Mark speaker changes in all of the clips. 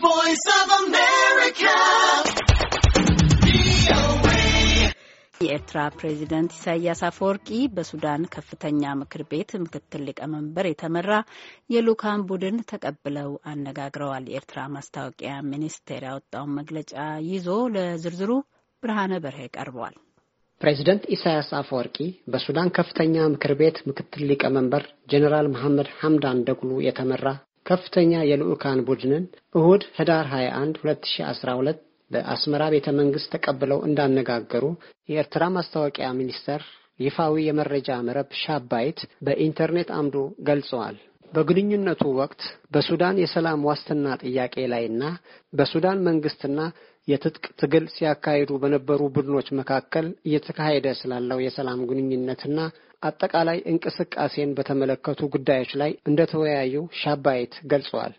Speaker 1: Voice of America. የኤርትራ ፕሬዚደንት ኢሳያስ አፈወርቂ በሱዳን ከፍተኛ ምክር ቤት ምክትል ሊቀመንበር የተመራ የልኡካን ቡድን ተቀብለው አነጋግረዋል። የኤርትራ ማስታወቂያ ሚኒስቴር ያወጣውን መግለጫ ይዞ ለዝርዝሩ ብርሃነ በርሄ ቀርበዋል።
Speaker 2: ፕሬዚደንት ኢሳያስ አፈወርቂ በሱዳን ከፍተኛ ምክር ቤት ምክትል ሊቀመንበር ጀኔራል መሐመድ ሐምዳን ደጉሉ የተመራ ከፍተኛ የልዑካን ቡድንን እሁድ ህዳር 21 2012 በአስመራ ቤተ መንግሥት ተቀብለው እንዳነጋገሩ የኤርትራ ማስታወቂያ ሚኒስቴር ይፋዊ የመረጃ መረብ ሻባይት በኢንተርኔት አምዶ ገልጸዋል። በግንኙነቱ ወቅት በሱዳን የሰላም ዋስትና ጥያቄ ላይና በሱዳን መንግስትና የትጥቅ ትግል ሲያካሂዱ በነበሩ ቡድኖች መካከል እየተካሄደ ስላለው የሰላም ግንኙነትና አጠቃላይ እንቅስቃሴን በተመለከቱ ጉዳዮች ላይ እንደተወያዩ ሻባይት ገልጸዋል።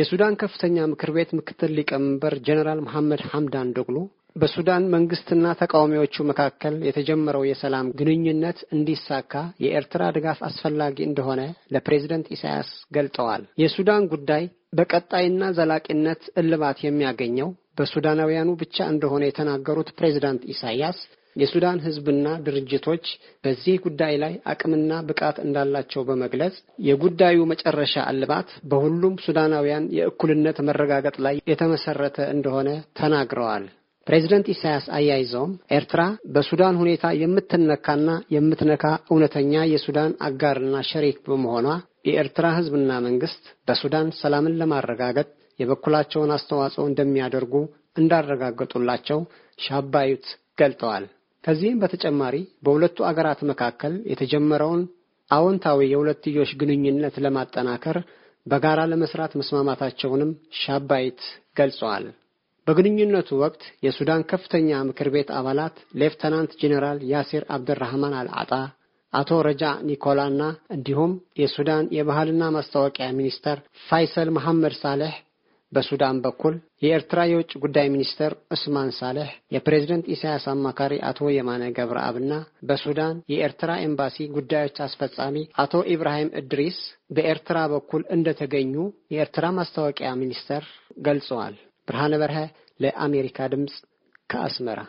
Speaker 2: የሱዳን ከፍተኛ ምክር ቤት ምክትል ሊቀመንበር ጀኔራል መሐመድ ሐምዳን ዶግሉ በሱዳን መንግስትና ተቃዋሚዎቹ መካከል የተጀመረው የሰላም ግንኙነት እንዲሳካ የኤርትራ ድጋፍ አስፈላጊ እንደሆነ ለፕሬዝደንት ኢሳያስ ገልጠዋል። የሱዳን ጉዳይ በቀጣይና ዘላቂነት እልባት የሚያገኘው በሱዳናውያኑ ብቻ እንደሆነ የተናገሩት ፕሬዝዳንት ኢሳያስ የሱዳን ህዝብና ድርጅቶች በዚህ ጉዳይ ላይ አቅምና ብቃት እንዳላቸው በመግለጽ የጉዳዩ መጨረሻ እልባት በሁሉም ሱዳናውያን የእኩልነት መረጋገጥ ላይ የተመሰረተ እንደሆነ ተናግረዋል። ፕሬዚደንት ኢሳያስ አያይዘውም ኤርትራ በሱዳን ሁኔታ የምትነካና የምትነካ እውነተኛ የሱዳን አጋርና ሸሪክ በመሆኗ የኤርትራ ህዝብና መንግስት በሱዳን ሰላምን ለማረጋገጥ የበኩላቸውን አስተዋጽኦ እንደሚያደርጉ እንዳረጋገጡላቸው ሻባዩት ገልጠዋል። ከዚህም በተጨማሪ በሁለቱ አገራት መካከል የተጀመረውን አዎንታዊ የሁለትዮሽ ግንኙነት ለማጠናከር በጋራ ለመስራት መስማማታቸውንም ሻባይት ገልጸዋል። በግንኙነቱ ወቅት የሱዳን ከፍተኛ ምክር ቤት አባላት ሌፍተናንት ጄኔራል ያሲር አብድራህማን አልዓጣ፣ አቶ ረጃ ኒኮላና እንዲሁም የሱዳን የባህልና ማስታወቂያ ሚኒስተር ፋይሰል መሐመድ ሳሌሕ በሱዳን በኩል የኤርትራ የውጭ ጉዳይ ሚኒስትር ዑስማን ሳሌሕ፣ የፕሬዝደንት ኢሳያስ አማካሪ አቶ የማነ ገብረአብና በሱዳን የኤርትራ ኤምባሲ ጉዳዮች አስፈጻሚ አቶ ኢብራሂም እድሪስ በኤርትራ በኩል እንደተገኙ የኤርትራ ማስታወቂያ ሚኒስተር ገልጸዋል። ብርሃነ በርሀ ለአሜሪካ ድምፅ ከአስመራ